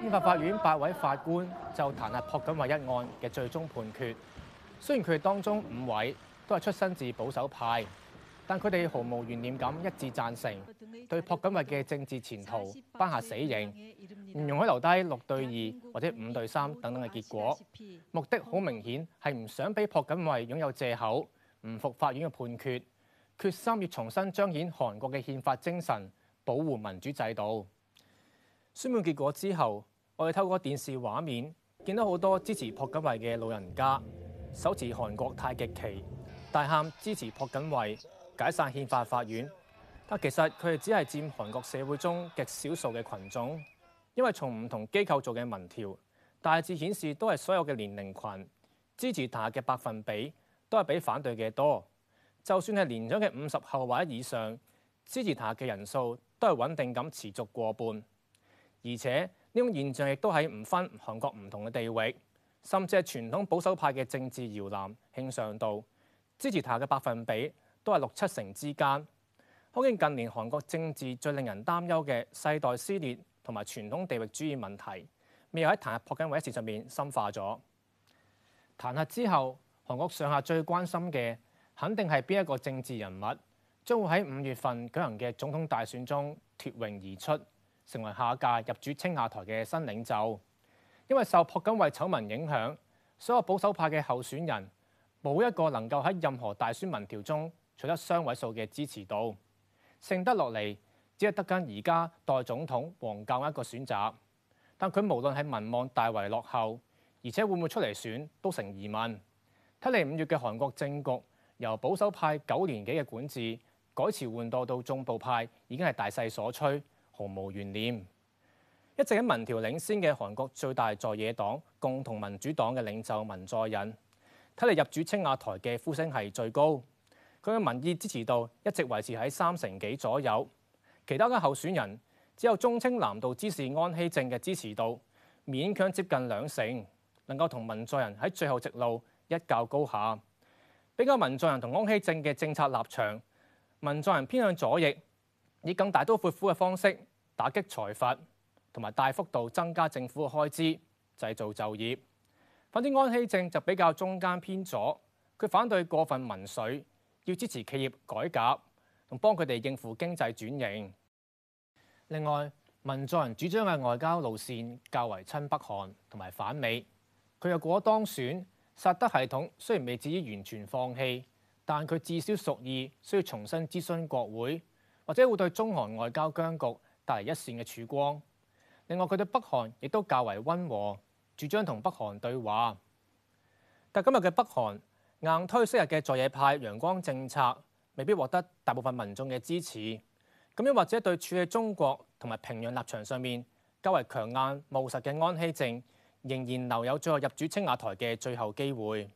憲法法院八位法官就談下朴槿惠一案嘅最終判決。雖然佢哋當中五位都係出身自保守派，但佢哋毫無懸念咁一致贊成對朴槿惠嘅政治前途頒下死刑，唔容許留低六對二或者五對三等等嘅結果。目的好明顯，係唔想俾朴槿惠擁有借口。唔服法院嘅判決，決心要重新彰顯韓國嘅憲法精神，保護民主制度。宣判結果之後，我哋透過電視畫面見到好多支持朴槿惠嘅老人家，手持韓國太極旗，大喊支持朴槿惠解散憲法法院。但其實佢哋只係佔韓國社會中極少數嘅群眾，因為從唔同機構做嘅民調大致顯示，都係所有嘅年齡群支持大嘅百分比。都係比反對嘅多。就算係年長嘅五十後或者以上，支持彈劾嘅人數都係穩定咁持續過半。而且呢種現象亦都係唔分韓國唔同嘅地域，甚至係傳統保守派嘅政治搖籃慶尚道，支持彈劾嘅百分比都係六七成之間。可見近年韓國政治最令人擔憂嘅世代撕裂同埋傳統地域主義問題，未有喺彈劾朴槿惠一事上面深化咗。彈劾之後，.韓國上下最關心嘅，肯定係邊一個政治人物將會喺五月份舉行嘅總統大選中脫穎而出，成為下一屆入主青瓦台嘅新領袖。因為受朴槿惠醜聞影響，所有保守派嘅候選人，冇一個能夠喺任何大選民調中取得雙位數嘅支持度，剩得落嚟只係得緊而家代總統黃教安一個選擇。但佢無論係民望大為落後，而且會唔會出嚟選都成疑問。睇嚟五月嘅韓國政局，由保守派九年幾嘅管治改朝換代到中部派已經係大勢所趨毫無懸念。一直喺民調領先嘅韓國最大在野黨共同民主黨嘅領袖文在寅，睇嚟入主青瓦台嘅呼聲係最高。佢嘅民意支持度一直維持喺三成幾左右。其他嘅候選人只有忠清南道知事安熙正嘅支持度勉強接近兩成，能夠同文在寅喺最後直路。一較高下，比較民眾人同安希正嘅政策立場。民眾人偏向左翼，以更大刀闊斧嘅方式打擊財閥，同埋大幅度增加政府嘅開支，製造就業。反正安希正就比較中間偏左，佢反對過分民粹，要支持企業改革同幫佢哋應付經濟轉型。另外，民眾人主張嘅外交路線較為親北韓同埋反美。佢若果當選。薩德系統雖然未至於完全放棄，但佢至少屬意需要重新諮詢國會，或者會對中韓外交僵局帶嚟一線嘅曙光。另外，佢對北韓亦都較為溫和，主張同北韓對話。但今日嘅北韓硬推昔日嘅在野派陽光政策，未必獲得大部分民眾嘅支持。咁樣或者對處喺中國同埋平壤立場上面較為強硬務實嘅安熙正。仍然留有最後入主青瓦台嘅最後機會。